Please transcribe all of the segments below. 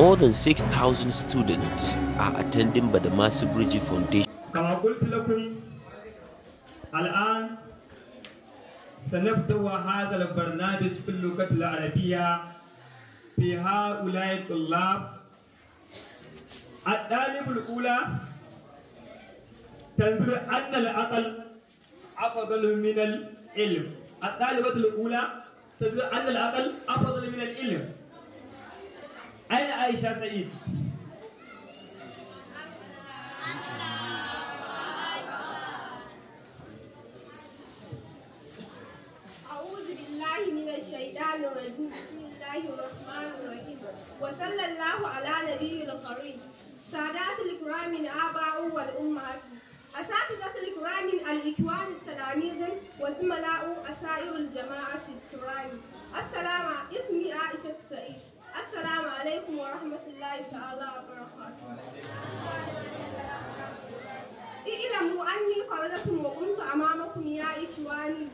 More than 6,000 students are attending Badamasi Bridge Foundation. كما قلت لكم الآن سنبدأ هذا البرنامج في اللغة العربية في هؤلاء الطلاب الطالب الأولى تنظر أن العقل أفضل من العلم الطالبة الأولى تنظر أن العقل أفضل من العلم أين عائشة سعيد؟ أعوذ بالله من الشيطان الرجيم بسم الله الرحمن الرحيم وصلى الله على نبي الكريم سادات الكرام من آباء والأمهات أساتذة الكرام من الإخوان التلاميذ والزملاء أسائر الجماعة الكرام السلام اسمي عائشة ورحمة الله تعالى وبركاته اعلموا أني قردة وكنت أمامكم يا إخواني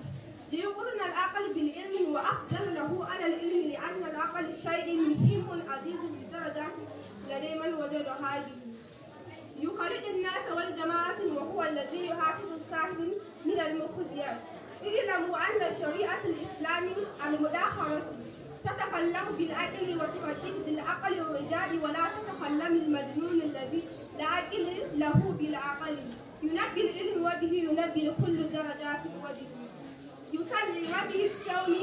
ليقرن العقل بالعلم وأفضل له على العلم لأن العقل شيء مهم عزيز بدرجة لدى من وجد هذه يخرج الناس والجماعة وهو الذي يحافظ الصاحب من المخزيات اعلموا أن شريعة الإسلام أمر تتخلم في الأكل بالعقل الرجال ولا تتخلم المجنون الذي لا أكل له بالعقل ينبي العلم وبه ينبي كل درجات وبه يصلي وبه الصوم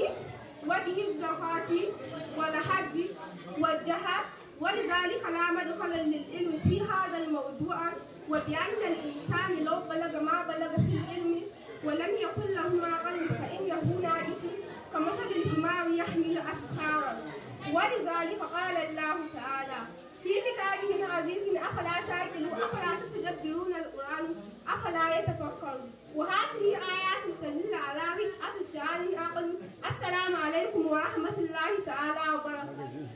وبه الزكاة والحج والجهاد ولذلك لا مدخل للعلم في هذا الموضوع وبأن الإنسان لو بلغ ما بلغ في العلم ولم يكن له عقل فإنه نائس كمثل الحمار يحمل أسفل ولذلك قال الله تعالى في كتابه العزيز أفلا تعقلوا أفلا تتدبرون القرآن أفلا يتفكرون وهذه آيات تدل على رفعة الجهال عقل السلام عليكم ورحمة الله تعالى وبركاته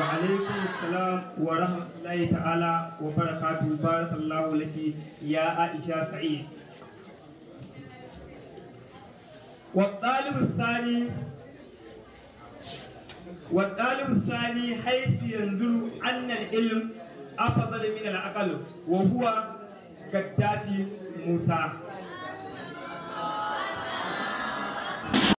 وعليكم السلام ورحمة الله تعالى وبركاته بارك الله لك يا عائشة سعيد والطالب الثاني والطالب الثاني حيث ينظر أن العلم أفضل من العقل وهو كتاب موسى